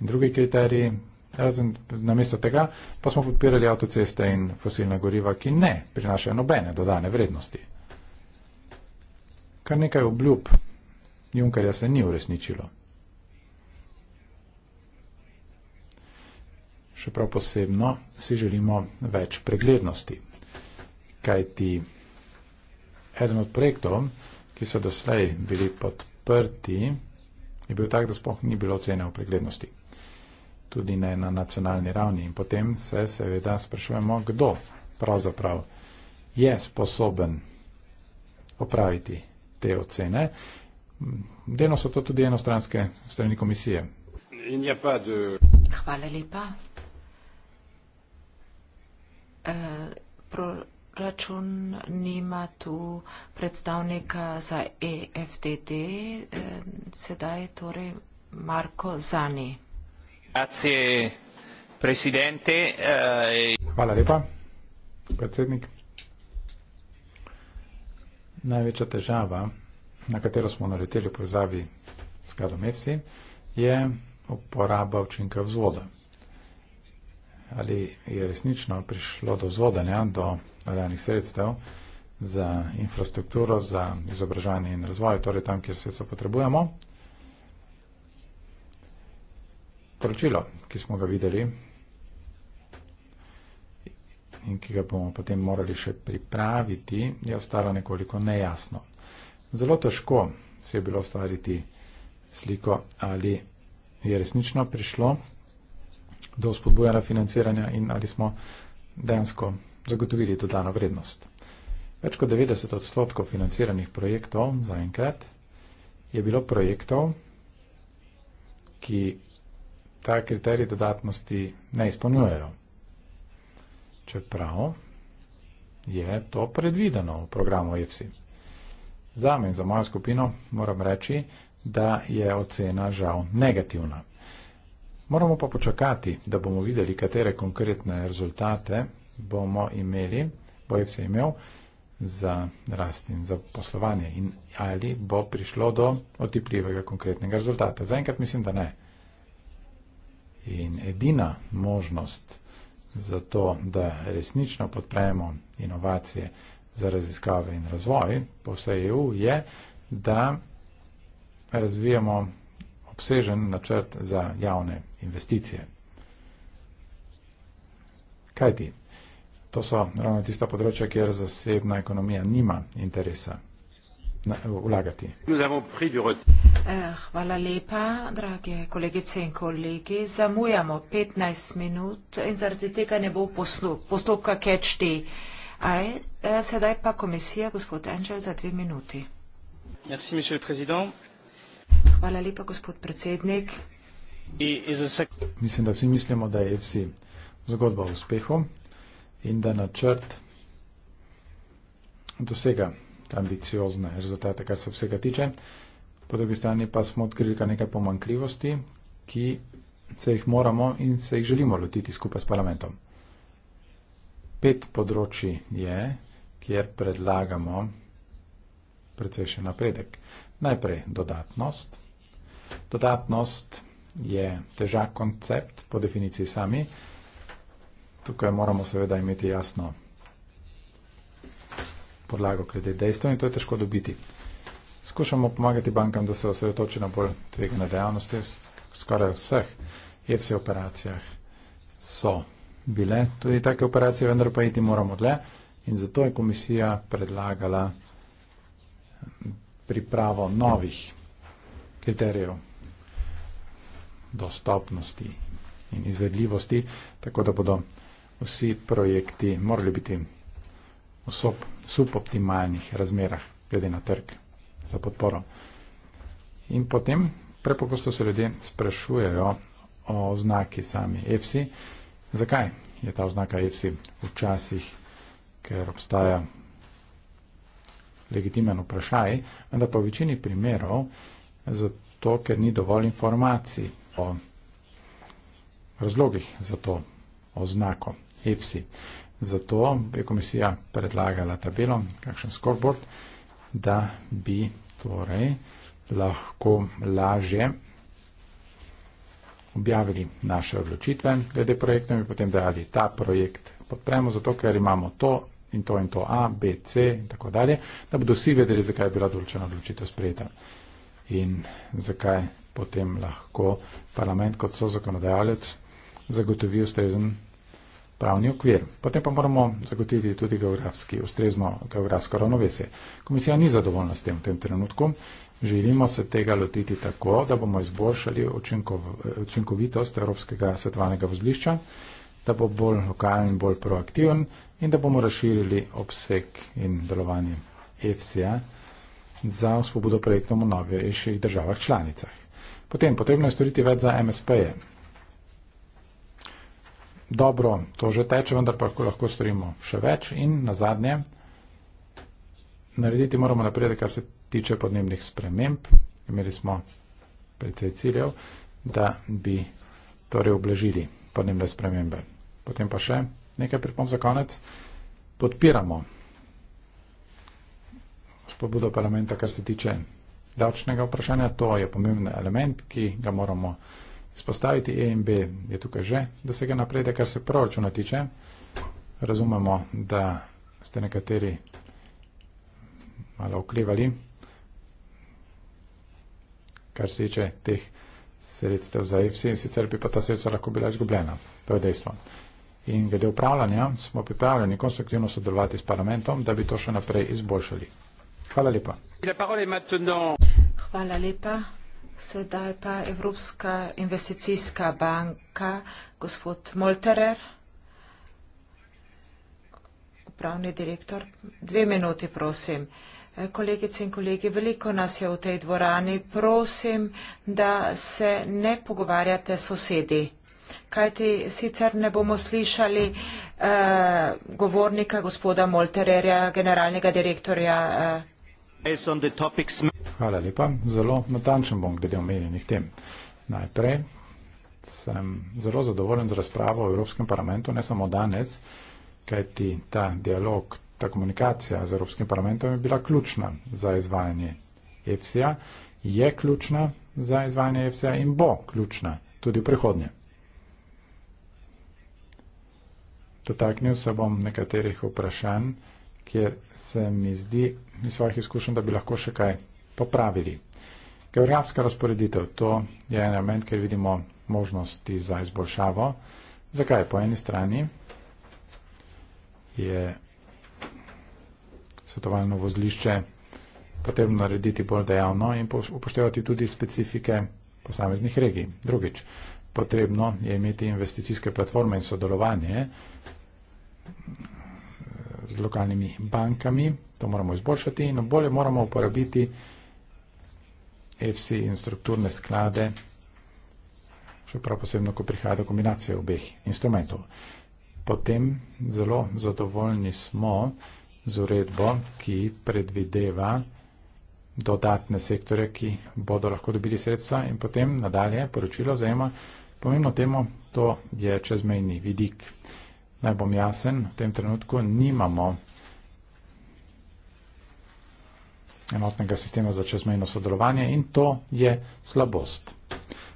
in drugi kriteriji, razen namesto tega, pa smo podpirali avtoceste in fosilna goriva, ki ne prinašajo nobene dodane vrednosti. Kar nekaj obljub Junkarja se ni uresničilo. Še prav posebno si želimo več preglednosti, kajti eden od projektov, ki so doslej bili podprti, je bil tak, da spohni ni bilo ocene o preglednosti tudi ne na nacionalni ravni. In potem se seveda sprašujemo, kdo pravzaprav je sposoben opraviti te ocene. Delno so to tudi enostranske strani komisije. Hvala lepa. E, proračun nima tu predstavnika za EFTD, e, eh, sedaj je torej Marko Zani. Grazie, presidente. Eh, Hvala lepa, predsednik. Največja težava, na katero smo naleteli v povezavi s kadom EFSI, je uporaba učinka vzvoda. Ali je resnično prišlo do vzvodanja, do nadaljnih sredstev za infrastrukturo, za izobražanje in razvoj, torej tam, kjer sredstvo potrebujemo, sporočilo, ki smo ga videli in ki ga bomo potem morali še pripraviti, je ostalo nekoliko nejasno. Zelo težko se je bilo ustvariti sliko, ali je resnično prišlo do spodbujanja financiranja in ali smo dejansko zagotovili dodano vrednost. Več kot 90 odstotkov financiranih projektov zaenkrat je bilo projektov, ki ta kriterij dodatnosti ne izpolnjujejo. Čeprav je to predvideno v programu EFSI. Za me in za mojo skupino moram reči, da je ocena žal negativna. Moramo pa počakati, da bomo videli, katere konkretne rezultate bomo imeli, bo EFSI imel za rast in za poslovanje in ali bo prišlo do otipljivega konkretnega rezultata. Zaenkrat mislim, da ne. In edina možnost za to, da resnično podpremo inovacije za raziskave in razvoj po vsej EU, je, da razvijamo obsežen načrt za javne investicije. Kaj ti? To so ravno tista področja, kjer zasebna ekonomija nima interesa vlagati. Eh, hvala lepa, drage kolegice in kolegi. Zamujamo 15 minut in zaradi tega ne bo postopka KEČD. Eh, sedaj pa komisija, gospod Enžel, za dve minuti. Merci, Hvala lepa, gospod predsednik. I, i sek- Mislim, da vsi mislimo, da je vsi zgodba o uspehu in da načrt dosega ambiciozne rezultate, kar se vsega tiče. Po drugi strani pa smo odkrili kar nekaj pomankljivosti, ki se jih moramo in se jih želimo lotiti skupaj s parlamentom. Pet področji je, kjer predlagamo precej še napredek. Najprej dodatnost. Dodatnost je težak koncept po definiciji sami. Tukaj moramo seveda imeti jasno podlago glede dejstva in to je težko dobiti. Skušamo pomagati bankam, da se osredotočijo na bolj tvegane dejavnosti. Skoraj vseh EFSI operacijah so bile tudi take operacije, vendar pa iti moramo dlje in zato je komisija predlagala pripravo novih kriterijev dostopnosti in izvedljivosti, tako da bodo vsi projekti morali biti v suboptimalnih razmerah, glede na trg za podporo. In potem prepogosto se ljudje sprašujejo o znaki sami EFSI, zakaj je ta oznaka EFSI včasih, ker obstaja legitimen vprašaj, vendar pa v večini primerov zato, ker ni dovolj informacij o razlogih za to oznako EFSI. Zato je komisija predlagala tabelo, kakšen scoreboard, da bi torej lahko laže objavili naše odločitve glede projektov in potem dajali ta projekt podpremo, zato ker imamo to in to in to A, B, C in tako dalje, da bodo vsi vedeli, zakaj je bila določena odločitev sprejeta in zakaj potem lahko parlament kot so zakonodajalec zagotovi ustrezen pravni okvir. Potem pa moramo zagotoviti tudi geografski, ustrezno geografsko ravnovesje. Komisija ni zadovoljna s tem v tem trenutku. Želimo se tega lotiti tako, da bomo izboljšali učinkov, učinkovitost Evropskega svetovanega vozlišča, da bo bolj lokalen, bolj proaktiven in da bomo razširili obseg in delovanje EFSA za spobudo projektom v novejših državah članicah. Potem potrebno je storiti več za MSP-je dobro, to že teče, vendar pa lahko storimo še več in na zadnje, narediti moramo napredek, kar se tiče podnebnih sprememb. Imeli smo precej ciljev, da bi torej obležili podnebne spremembe. Potem pa še nekaj pripomb za konec. Podpiramo spobudo parlamenta, kar se tiče davčnega vprašanja. To je pomemben element, ki ga moramo spostaviti E in B je tukaj že dosega napredek, kar se proračuna tiče. Razumemo, da ste nekateri malo oklevali, kar se tiče teh sredstev za EFC, sicer bi pa ta sredstva lahko bila izgubljena. To je dejstvo. In glede upravljanja smo pripravljeni konstruktivno sodelovati s parlamentom, da bi to še naprej izboljšali. Hvala lepa. Hvala lepa. Sedaj pa Evropska investicijska banka, gospod Molterer, upravni direktor. Dve minuti, prosim. E, kolegice in kolegi, veliko nas je v tej dvorani. Prosim, da se ne pogovarjate s sosedi. Kajti sicer ne bomo slišali eh, govornika gospoda Moltererja, generalnega direktorja. Eh. Hvala lepa. Zelo natančen bom glede omenjenih tem. Najprej sem zelo zadovoljen z razpravo v Evropskem parlamentu, ne samo danes, kajti ta dialog, ta komunikacija z Evropskim parlamentom je bila ključna za izvajanje EFSA, je ključna za izvajanje EFSA in bo ključna tudi v prihodnje. Dotaknil se bom nekaterih vprašanj, kjer se mi zdi iz svojih izkušenj, da bi lahko še kaj popravili. Geografska razporeditev, to je en element, ker vidimo možnosti za izboljšavo. Zakaj? Po eni strani je svetovalno vozlišče potrebno narediti bolj dejavno in upoštevati tudi specifike posameznih regij. Drugič, potrebno je imeti investicijske platforme in sodelovanje z lokalnimi bankami, to moramo izboljšati in bolje moramo uporabiti vzboljšanje EFSI in strukturne sklade, še prav posebno, ko prihaja do kombinacije obeh instrumentov. Potem zelo zadovoljni smo z uredbo, ki predvideva dodatne sektore, ki bodo lahko dobili sredstva in potem nadalje poročilo zajema pomembno temo, to je čezmejni vidik. Naj bom jasen, v tem trenutku nimamo enotnega sistema za čezmejno sodelovanje in to je slabost.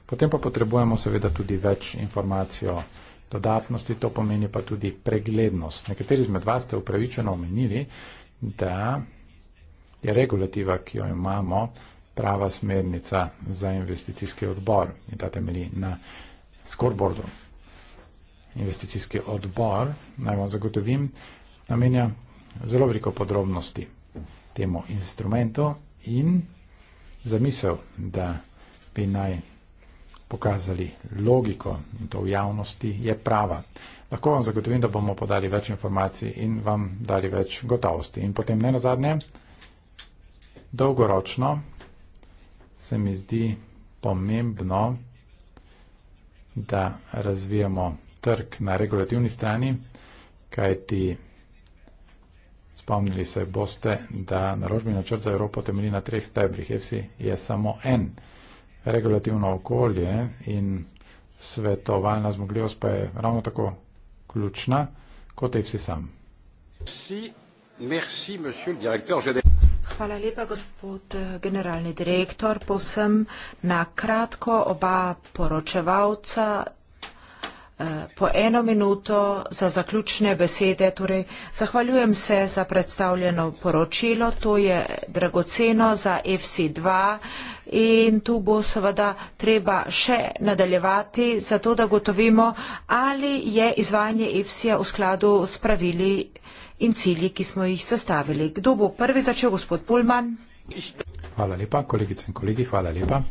Potem pa potrebujemo seveda tudi več informacij o dodatnosti, to pomeni pa tudi preglednost. Nekateri izmed vas ste upravičeno omenili, da je regulativa, ki jo imamo, prava smernica za investicijski odbor in ta temelji na scoreboardu. Investicijski odbor, naj vam zagotovim, namenja zelo veliko podrobnosti temu instrumentu in zamisel, da bi naj pokazali logiko in to v javnosti je prava. Lahko vam zagotovim, da bomo podali več informacij in vam dali več gotovosti. In potem ne nazadnje, dolgoročno se mi zdi pomembno, da razvijamo trg na regulativni strani, kajti Spomnili se boste, da naložbeni načrt za Evropo temelji na treh stebrih. EFSI je samo en. Regulativno okolje in svetovalna zmogljivost pa je ravno tako ključna kot EFSI sam. Merci, merci, Hvala lepa, gospod eh, generalni direktor. Povsem na kratko oba poročevalca Eh, po eno minuto za zaključne besede. Torej, zahvaljujem se za predstavljeno poročilo. To je dragoceno za FC2 in tu bo seveda treba še nadaljevati, zato da gotovimo, ali je izvajanje FC-a v skladu s pravili in cilji, ki smo jih zastavili. Kdo bo prvi začel, gospod Pulman? Hvala lepa, kolegice in kolegi, hvala lepa.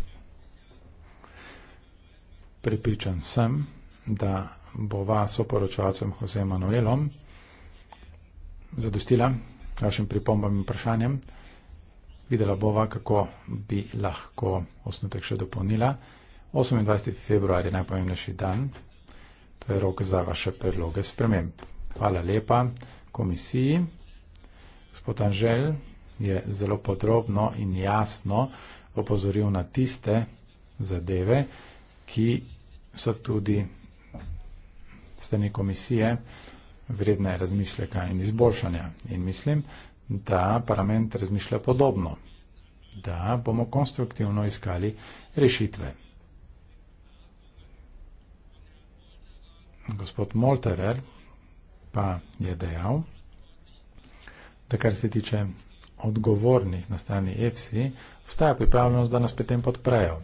Pripričan sem, da bova s oporočevalcem Jose Manuelom zadostila vašim pripombam in vprašanjem. Videla bova, kako bi lahko osnutek še dopolnila. 28. februar je najpomembnejši dan. To je rok za vaše predloge sprememb. Hvala lepa komisiji. Gospod Anžel je zelo podrobno in jasno opozoril na tiste zadeve, ki so tudi strani komisije vredne razmisleka in izboljšanja. In mislim, da parlament razmišlja podobno, da bomo konstruktivno iskali rešitve. Gospod Molterer pa je dejal, da kar se tiče odgovornih na strani EFSI, obstaja pripravljenost, da nas pri tem podprejo.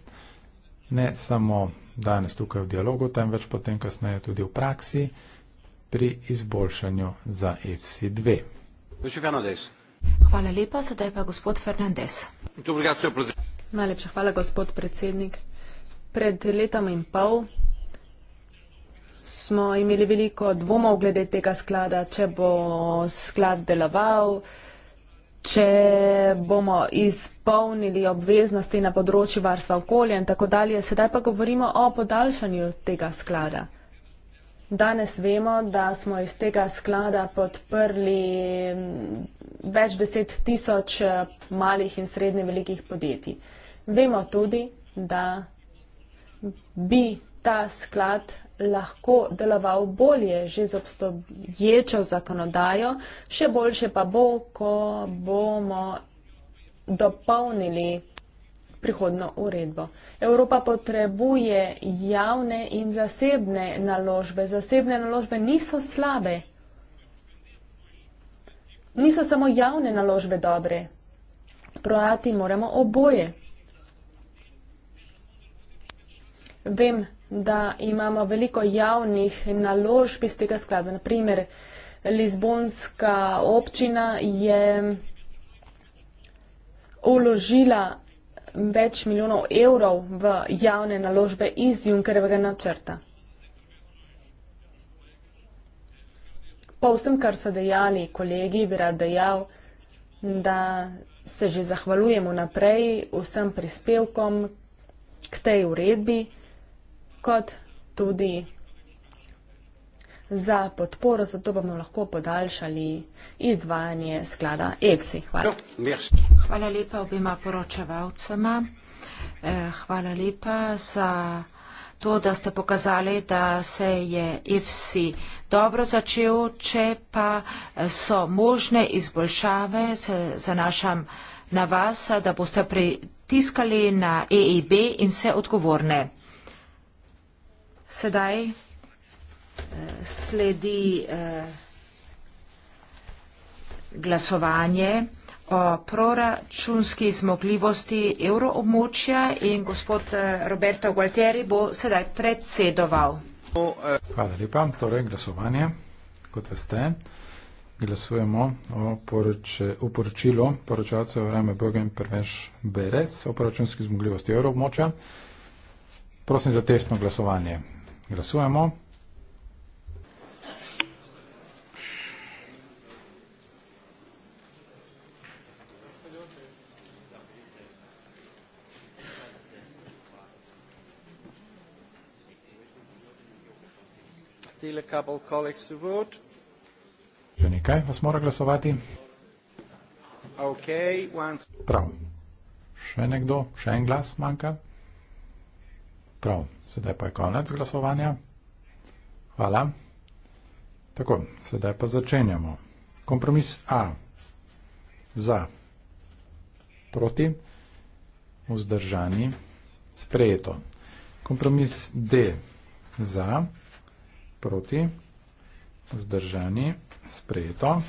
Ne samo danes tukaj v dialogu, temveč potem kasneje tudi v praksi pri izboljšanju za FC2. Hvala lepa, sedaj pa gospod Fernandez. Najlepša hvala, gospod predsednik. Pred letom in pol smo imeli veliko dvomov glede tega sklada, če bo sklad deloval če bomo izpolnili obveznosti na področju varstva okolja in tako dalje. Sedaj pa govorimo o podaljšanju tega sklada. Danes vemo, da smo iz tega sklada podprli več deset tisoč malih in srednje velikih podjetij. Vemo tudi, da bi ta sklad lahko deloval bolje že z obstoječo zakonodajo, še boljše pa bo, ko bomo dopolnili prihodno uredbo. Evropa potrebuje javne in zasebne naložbe. Zasebne naložbe niso slabe. Niso samo javne naložbe dobre. Projati moramo oboje. Vem, da imamo veliko javnih naložb iz tega sklada. Naprimer, Lizbonska občina je uložila več milijonov evrov v javne naložbe iz Junkerevega načrta. Po vsem, kar so dejali kolegi, bi rad dejal, da se že zahvaljujemo naprej vsem prispevkom k tej uredbi kot tudi za podporo, zato bomo lahko podaljšali izvajanje sklada EFSI. Hvala. Hvala lepa obima poročevalcema. Eh, hvala lepa za to, da ste pokazali, da se je EFSI dobro začel, če pa eh, so možne izboljšave, se zanašam na vas, da boste pritiskali na EIB e in vse odgovorne. Sedaj eh, sledi eh, glasovanje o proračunski zmogljivosti evroobmočja in gospod eh, Roberto Gualtieri bo sedaj predsedoval. Hvala lepa. Torej, glasovanje, kot veste, glasujemo o poroč poročilu poročalcev Vreme Bogem Prveš Beres o proračunski zmogljivosti evroobmočja. Prosim za testno glasovanje. Glasujemo. Že nekaj vas mora glasovati. Okay, Prav. Še nekdo, še en glas manjka. Prav, sedaj pa je konec glasovanja. Hvala. Tako, sedaj pa začenjamo. Kompromis A. Za. Proti. Vzdržani. Sprejeto. Kompromis D. Za. Proti. Vzdržani. Sprejeto.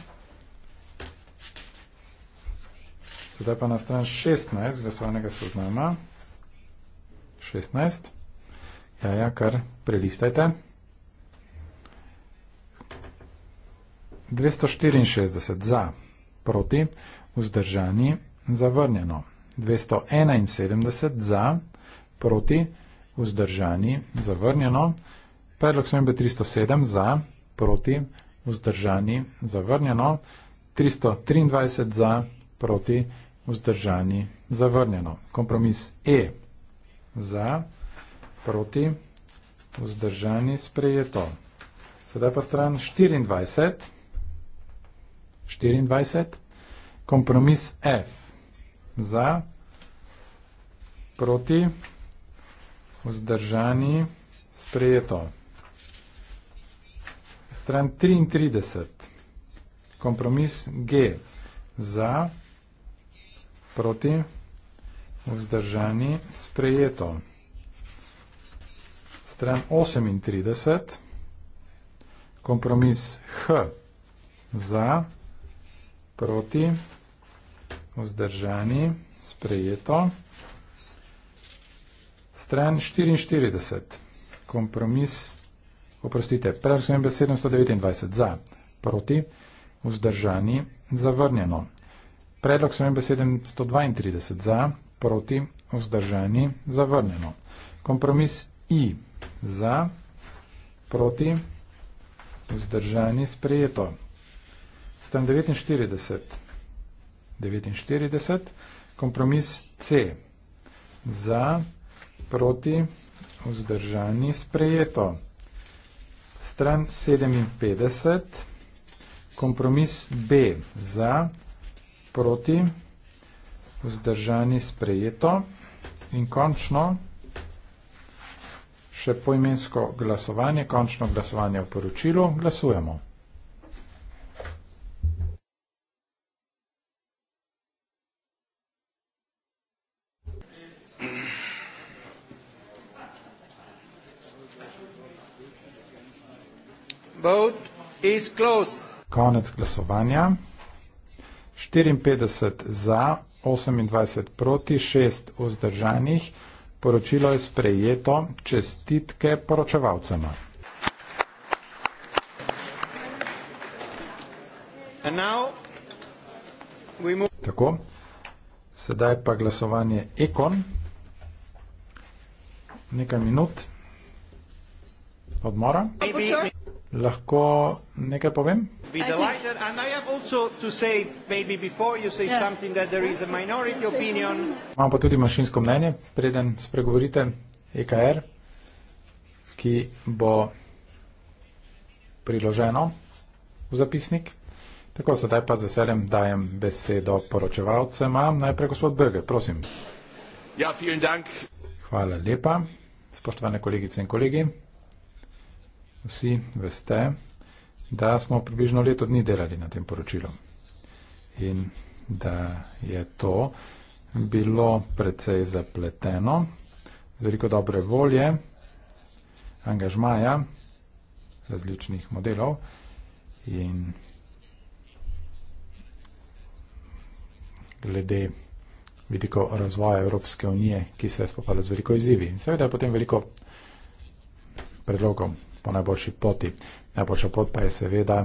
Sedaj pa na stran 16 glasovanega seznama. 16. Ja, ja, kar prelistajte. 264 za, proti, vzdržani, zavrnjeno. 271 za, proti, vzdržani, zavrnjeno. Predlog smembe 307 za, proti, vzdržani, zavrnjeno. 323 za, proti, vzdržani, zavrnjeno. Kompromis E za, proti, vzdržani, zavrnjeno proti, vzdržani sprejeto. Sedaj pa stran 24. 24. Kompromis F. Za, proti, vzdržani sprejeto. Stran 33. Kompromis G. Za, proti, vzdržani sprejeto stran 38, kompromis H za, proti, vzdržani, sprejeto. Stran 44, kompromis, oprostite, prav svojem besedem 129 za, proti, vzdržani, zavrnjeno. Predlog svojem besedem 132 za, proti, vzdržani, zavrnjeno. Kompromis I, za, proti, vzdržani, sprejeto. Stem 49. 49. Kompromis C. Za, proti, vzdržani, sprejeto. Stran 57. Kompromis B. Za, proti, vzdržani, sprejeto. In končno še poimensko glasovanje, končno glasovanje v poročilu. Glasujemo. Konec glasovanja. 54 za, 28 proti, 6 vzdržanih. Poročilo je sprejeto, čestitke poročevalcema. Tako, sedaj pa glasovanje Ekon. Nekaj minut odmora. Lahko nekaj povem? be delighted. And I have also to say, maybe before you say yeah. something, that there is a minority opinion. Imam pa tudi mašinsko mnenje, preden spregovorite, EKR, er, ki bo priloženo v zapisnik. Tako se daj pa z veseljem dajem besedo poročevalcem. Najprej gospod Böge, prosim. Ja, vielen dank. Hvala lepa, spoštovane kolegice in kolegi. Vsi veste, da smo približno leto dni delali na tem poročilu. In da je to bilo precej zapleteno, z veliko dobre volje, angažmaja različnih modelov in glede vidiko razvoja Evropske unije, ki se je spopala z veliko izzivi. In seveda je potem veliko predlogov po najboljši poti. Najboljša pot pa je seveda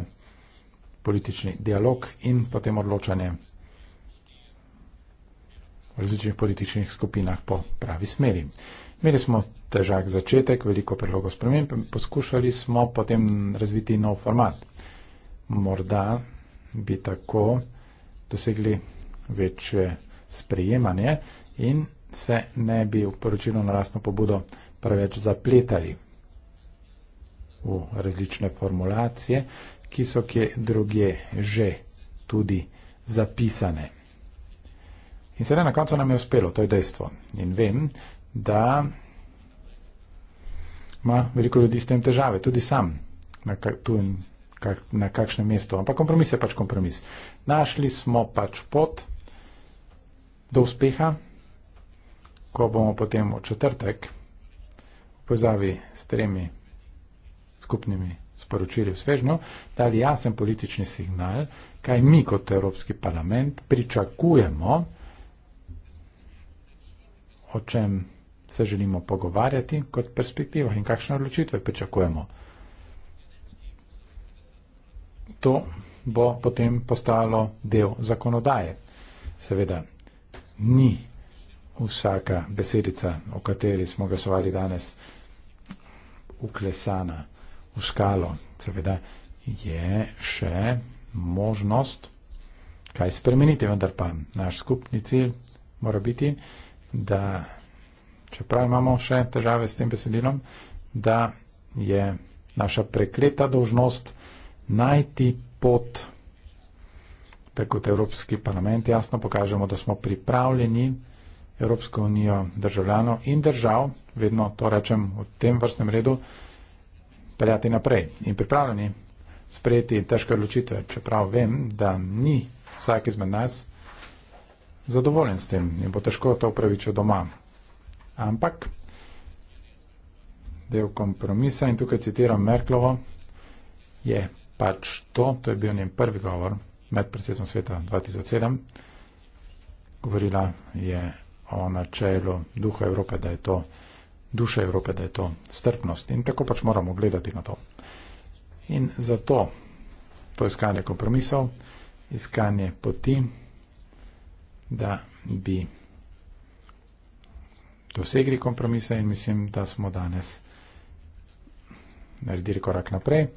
politični dialog in potem odločanje v različnih političnih skupinah po pravi smeri. Imeli smo težak začetek, veliko predlogov sprememb, poskušali smo potem razviti nov format. Morda bi tako dosegli večje sprejemanje in se ne bi v poročilo na lastno pobudo preveč zapletali v različne formulacije, ki so kje druge že tudi zapisane. In sedaj na koncu nam je uspelo, to je dejstvo. In vem, da ima veliko ljudi s tem težave, tudi sam, na, kak, tu in, kak, na kakšnem mestu. Ampak kompromis je pač kompromis. Našli smo pač pot do uspeha, ko bomo potem v četrtek v povezavi s tremi skupnimi sporočili v svežnju, dali jasen politični signal, kaj mi kot Evropski parlament pričakujemo, o čem se želimo pogovarjati kot perspektivah in kakšne odločitve pričakujemo. To bo potem postalo del zakonodaje. Seveda ni vsaka besedica, o kateri smo glasovali danes, uklesana v skalo. Seveda je še možnost kaj spremeniti, vendar pa naš skupni cilj mora biti, da čeprav imamo še težave s tem besedilom, da je naša prekleta dožnost najti pot, da kot Evropski parlament jasno pokažemo, da smo pripravljeni Evropsko unijo državljano in držav, vedno to rečem v tem vrstnem redu, peljati naprej in pripravljeni sprejeti težke odločitve, čeprav vem, da ni vsak izmed nas zadovoljen s tem in bo težko to upravičil doma. Ampak del kompromisa in tukaj citiram Merklovo, je pač to, to je bil njen prvi govor med predsednikom sveta 2007, govorila je o načelu duha Evrope, da je to duše Evrope, da je to strpnost. In tako pač moramo gledati na to. In zato to iskanje kompromisov, iskanje poti, da bi dosegli kompromise in mislim, da smo danes naredili korak naprej.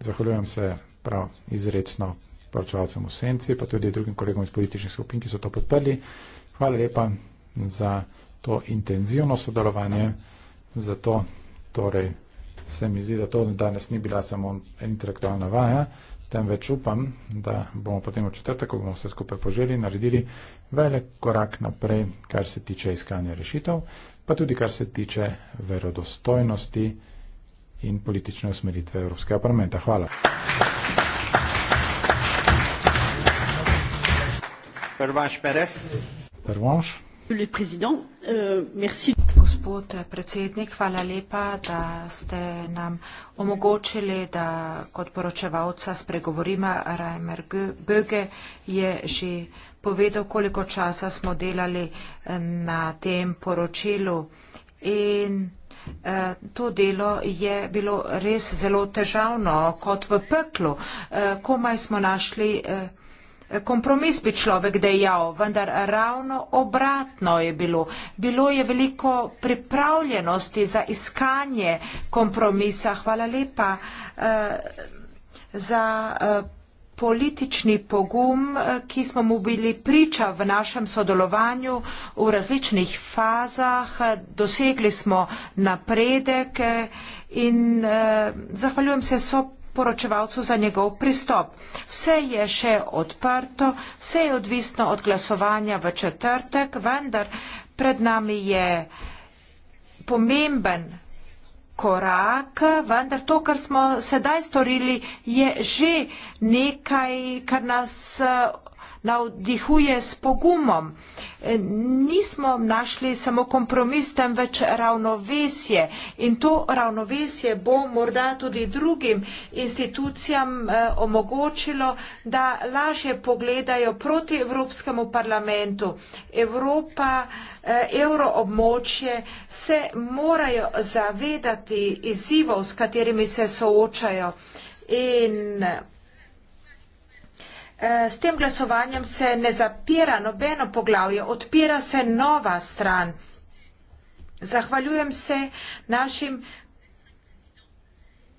Zahvaljujem se prav izrecno poročevalcem v Senci, pa tudi drugim kolegom iz političnih skupin, ki so to podprli. Hvala lepa za to intenzivno sodelovanje. Zato torej, se mi zdi, da to danes ni bila samo intelektualna vaja, temveč upam, da bomo potem v četrtek, ko bomo vse skupaj poželi, naredili velik korak naprej, kar se tiče iskanja rešitev, pa tudi kar se tiče verodostojnosti in politične usmeritve Evropskega parlamenta. Hvala. Prvaš Perez. Prvaš. Euh, Gospod predsednik, hvala lepa, da ste nam omogočili, da kot poročevalca spregovorima. Reimer Böge je že povedal, koliko časa smo delali eh, na tem poročilu. In eh, To delo je bilo res zelo težavno, kot v peklu. Eh, komaj smo našli kompromis bi človek dejal, vendar ravno obratno je bilo. Bilo je veliko pripravljenosti za iskanje kompromisa. Hvala lepa eh, za eh, politični pogum, eh, ki smo mu bili priča v našem sodelovanju v različnih fazah. Dosegli smo napredek in eh, zahvaljujem se so poročevalcu za njegov pristop. Vse je še odprto, vse je odvisno od glasovanja v četrtek, vendar pred nami je pomemben korak, vendar to, kar smo sedaj storili, je že nekaj, kar nas navdihuje s pogumom. E, nismo našli samo kompromis, temveč ravnovesje in to ravnovesje bo morda tudi drugim institucijam e, omogočilo, da lažje pogledajo proti Evropskemu parlamentu. Evropa, euroobmočje se morajo zavedati izzivov, s katerimi se soočajo. In S tem glasovanjem se ne zapira nobeno poglavje, odpira se nova stran. Zahvaljujem se našim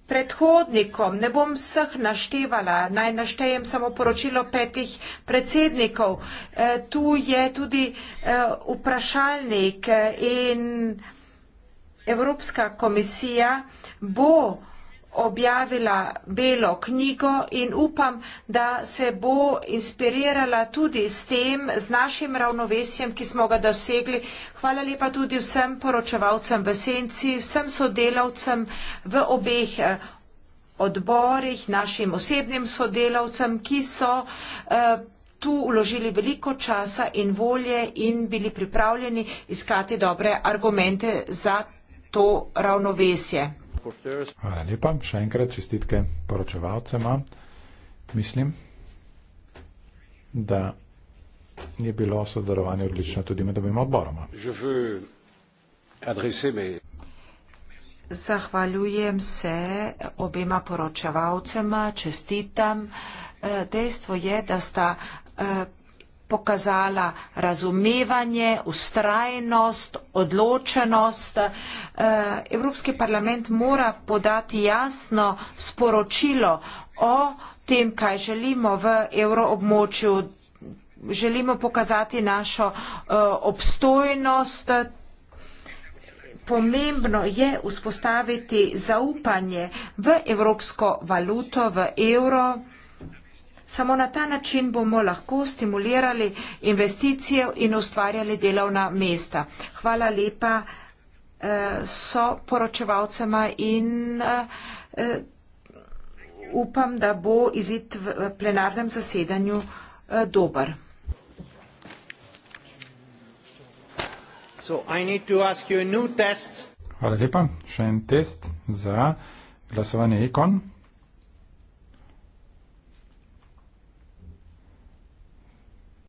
predhodnikom, ne bom vseh naštevala, naj naštejem samo poročilo petih predsednikov. E, tu je tudi e, vprašalnik in Evropska komisija bo vprašalnik objavila belo knjigo in upam, da se bo inspirirala tudi s tem, z našim ravnovesjem, ki smo ga dosegli. Hvala lepa tudi vsem poročevalcem v Senci, vsem sodelavcem v obeh eh, odborih, našim osebnim sodelavcem, ki so eh, tu uložili veliko časa in volje in bili pripravljeni iskati dobre argumente za to ravnovesje. Hvala lepa, še enkrat čestitke poročevalcema. Mislim, da je bilo sodelovanje odlično tudi med obima odboroma. Zahvaljujem se obima poročevalcema, čestitam. Eh, dejstvo je, da sta eh, pokazala razumevanje, ustrajnost, odločenost. Eh, Evropski parlament mora podati jasno sporočilo o tem, kaj želimo v evroobmočju. Želimo pokazati našo eh, obstojnost. Pomembno je vzpostaviti zaupanje v evropsko valuto, v evro. Samo na ta način bomo lahko stimulirali investicije in ustvarjali delovna mesta. Hvala lepa eh, so poročevalcema in eh, upam, da bo izid v plenarnem zasedanju eh, dober. Hvala lepa. Še en test za glasovanje ikon.